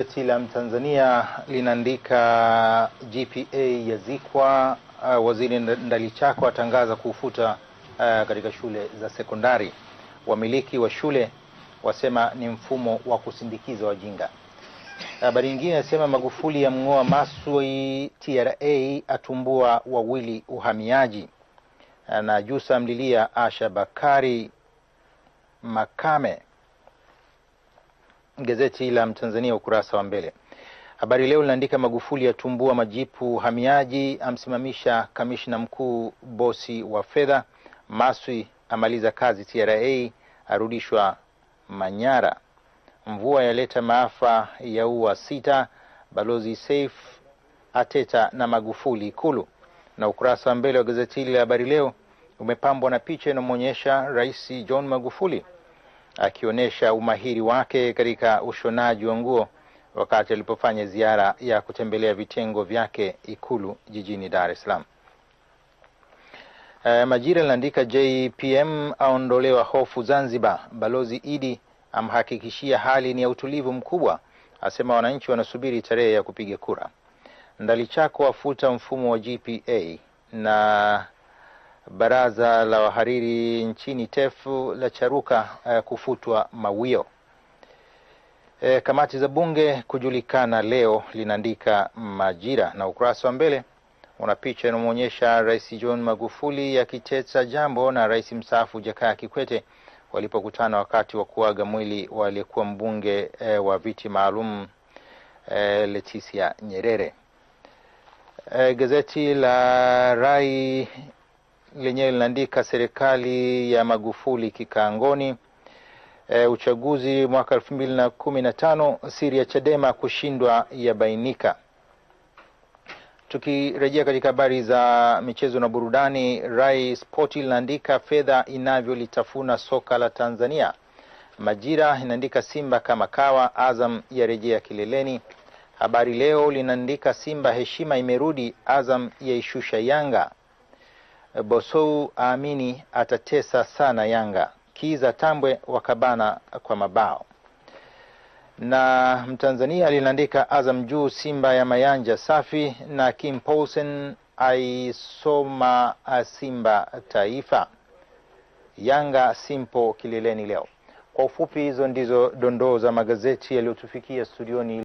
Gazeti la Mtanzania linaandika GPA yazikwa, uh, waziri Ndalichako atangaza kuufuta uh, katika shule za sekondari. Wamiliki wa shule wasema ni mfumo wa kusindikiza wajinga. Habari nyingine inasema Magufuli ya mng'oa Maswi, TRA atumbua wawili uhamiaji, uh, na Jusa mlilia Asha Bakari Makame Gazeti la Mtanzania ukurasa wa mbele, Habari Leo linaandika Magufuli yatumbua majipu hamiaji, amsimamisha kamishna mkuu bosi wa fedha, Maswi amaliza kazi TRA, arudishwa Manyara, mvua yaleta maafa ya ua sita, balozi Saif ateta na Magufuli Ikulu. Na ukurasa wa mbele wa gazeti hili la Habari Leo umepambwa na picha inayomwonyesha Rais John Magufuli akionyesha umahiri wake katika ushonaji wa nguo wakati alipofanya ziara ya kutembelea vitengo vyake Ikulu jijini Dar es Salaam. E, Majira linaandika JPM aondolewa hofu Zanzibar, Balozi Idi amhakikishia hali ni ya utulivu mkubwa, asema wananchi wanasubiri tarehe ya kupiga kura. Ndalichako afuta mfumo wa GPA na baraza la wahariri nchini TEF la charuka uh, kufutwa mawio. E, kamati za bunge kujulikana leo, linaandika Majira na ukurasa wa mbele una picha inamwonyesha Rais John Magufuli akiteta jambo na rais mstaafu Jakaya Kikwete walipokutana wakati wa kuaga mwili wa aliyekuwa mbunge e, wa viti maalum e, Leticia Nyerere. E, gazeti la Rai lenyewe linaandika serikali ya Magufuli kikaangoni. E, uchaguzi mwaka elfu mbili na kumi na tano siri ya Chadema kushindwa yabainika. Tukirejea katika habari za michezo na burudani, Rai Spoti linaandika fedha inavyolitafuna soka la Tanzania. Majira inaandika Simba kama kawa, Azam yarejea kileleni. Habari Leo linaandika Simba heshima imerudi, Azam yaishusha Yanga. Bosou aamini atatesa sana Yanga. Kiza Tambwe wakabana kwa mabao. Na Mtanzania linaandika Azam juu Simba ya Mayanja safi na Kim Paulsen aisoma Simba Taifa. Yanga simpo kileleni leo. Kwa ufupi, hizo ndizo dondoo za magazeti yaliyotufikia studioni.